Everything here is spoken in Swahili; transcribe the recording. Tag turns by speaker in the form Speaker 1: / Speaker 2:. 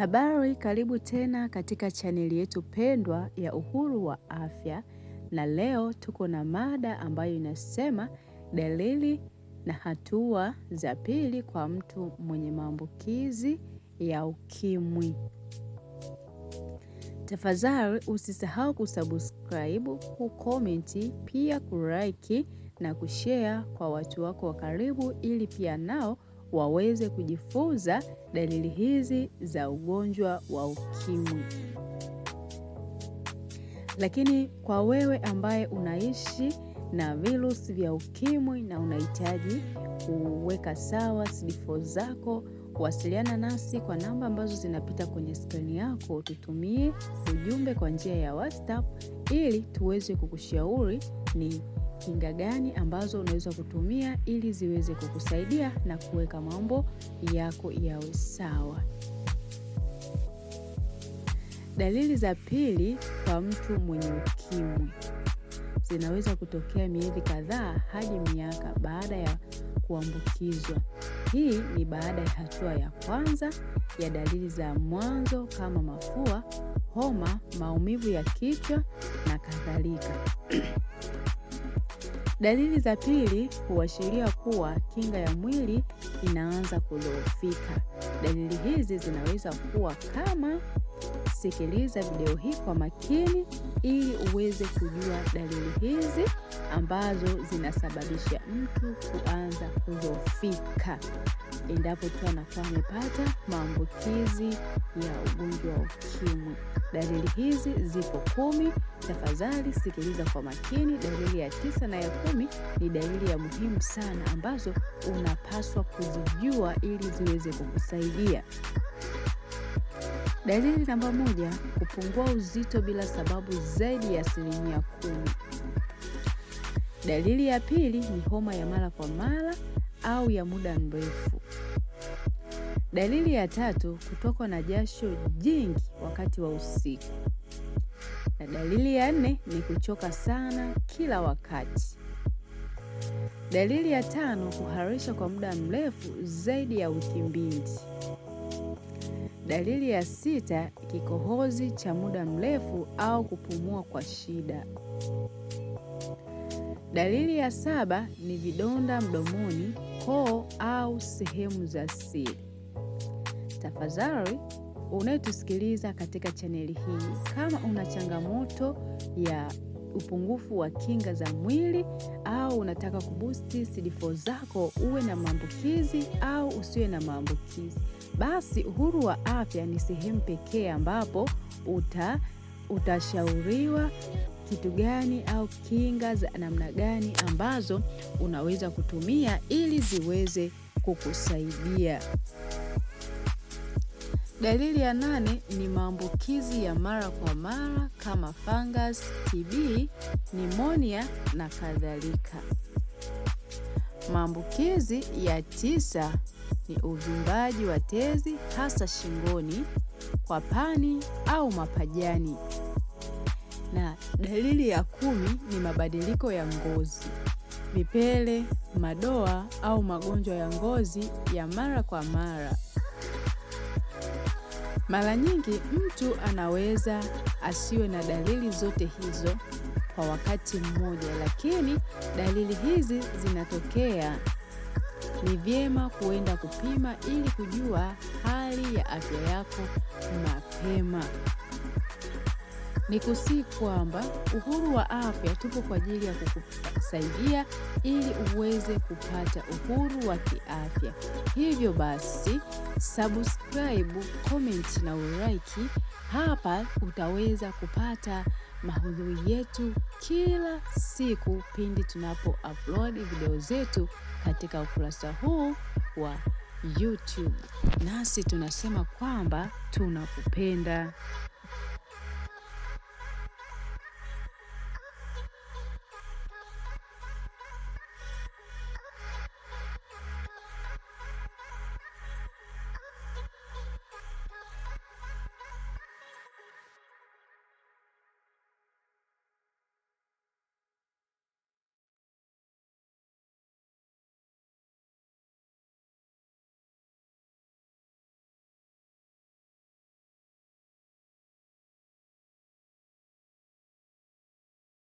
Speaker 1: Habari, karibu tena katika chaneli yetu pendwa ya Uhuru wa Afya, na leo tuko na mada ambayo inasema dalili na hatua za pili kwa mtu mwenye maambukizi ya UKIMWI. Tafadhali usisahau kusubscribe, kukomenti, pia kuraiki na kushare kwa watu wako wa karibu, ili pia nao waweze kujifunza dalili hizi za ugonjwa wa ukimwi. Lakini kwa wewe ambaye unaishi na virusi vya ukimwi na unahitaji kuweka sawa CD4 zako, wasiliana nasi kwa namba ambazo zinapita kwenye skrini yako, tutumie ujumbe kwa njia ya WhatsApp ili tuweze kukushauri ni kinga gani ambazo unaweza kutumia ili ziweze kukusaidia na kuweka mambo yako yawe sawa.
Speaker 2: Dalili za pili kwa mtu mwenye ukimwi zinaweza kutokea miezi kadhaa hadi miaka baada ya kuambukizwa. Hii ni baada ya hatua ya kwanza ya dalili za mwanzo kama mafua, homa, maumivu ya kichwa na kadhalika. Dalili za pili huashiria kuwa kinga ya mwili inaanza kudhoofika. Dalili hizi zinaweza kuwa kama: sikiliza video hii kwa makini ili uweze kujua dalili hizi ambazo zinasababisha mtu kuanza kudhoofika endapo tu anakuwa amepata maambukizi ya ugonjwa wa UKIMWI. Dalili hizi zipo kumi. Tafadhali sikiliza kwa makini. Dalili ya tisa na ya kumi ni dalili ya muhimu sana ambazo unapaswa kuzijua ili ziweze kukusaidia. Dalili namba moja, kupungua uzito bila sababu zaidi ya asilimia kumi. Dalili ya pili ni homa ya mara kwa mara au ya muda mrefu. Dalili ya tatu, kutokwa na jasho jingi wakati wa usiku. Na dalili ya nne ni kuchoka sana kila wakati. Dalili ya tano, kuharisha kwa muda mrefu zaidi ya wiki mbili. Dalili ya sita, kikohozi cha muda mrefu au kupumua kwa shida. Dalili ya saba ni vidonda mdomoni, koo au sehemu za siri. Tafadhali unayetusikiliza katika chaneli hii, kama una changamoto ya upungufu wa kinga za mwili au unataka kubusti CD4 zako uwe na maambukizi au usiwe na maambukizi, basi Uhuru wa Afya ni sehemu pekee ambapo uta utashauriwa kitu gani au kinga za namna gani ambazo unaweza kutumia ili ziweze kukusaidia. Dalili ya nane ni maambukizi ya mara kwa mara kama fungus, TB, nimonia na kadhalika. Maambukizi ya tisa ni uvimbaji wa tezi hasa shingoni kwa pani au mapajani. Na dalili ya kumi ni mabadiliko ya ngozi, mipele, madoa au magonjwa ya ngozi ya mara kwa mara. Mara nyingi mtu anaweza asiwe na dalili zote hizo kwa wakati mmoja, lakini dalili hizi zinatokea ni vyema kuenda kupima ili kujua hali ya afya yako mapema. ni kusii kwamba Uhuru wa Afya tupo kwa ajili ya kukusaidia ili uweze kupata uhuru wa kiafya. Hivyo basi, subscribe, comment na like. Hapa utaweza kupata mahudhui yetu kila siku pindi tunapo upload video zetu katika ukurasa huu wa YouTube. Nasi tunasema kwamba tunakupenda.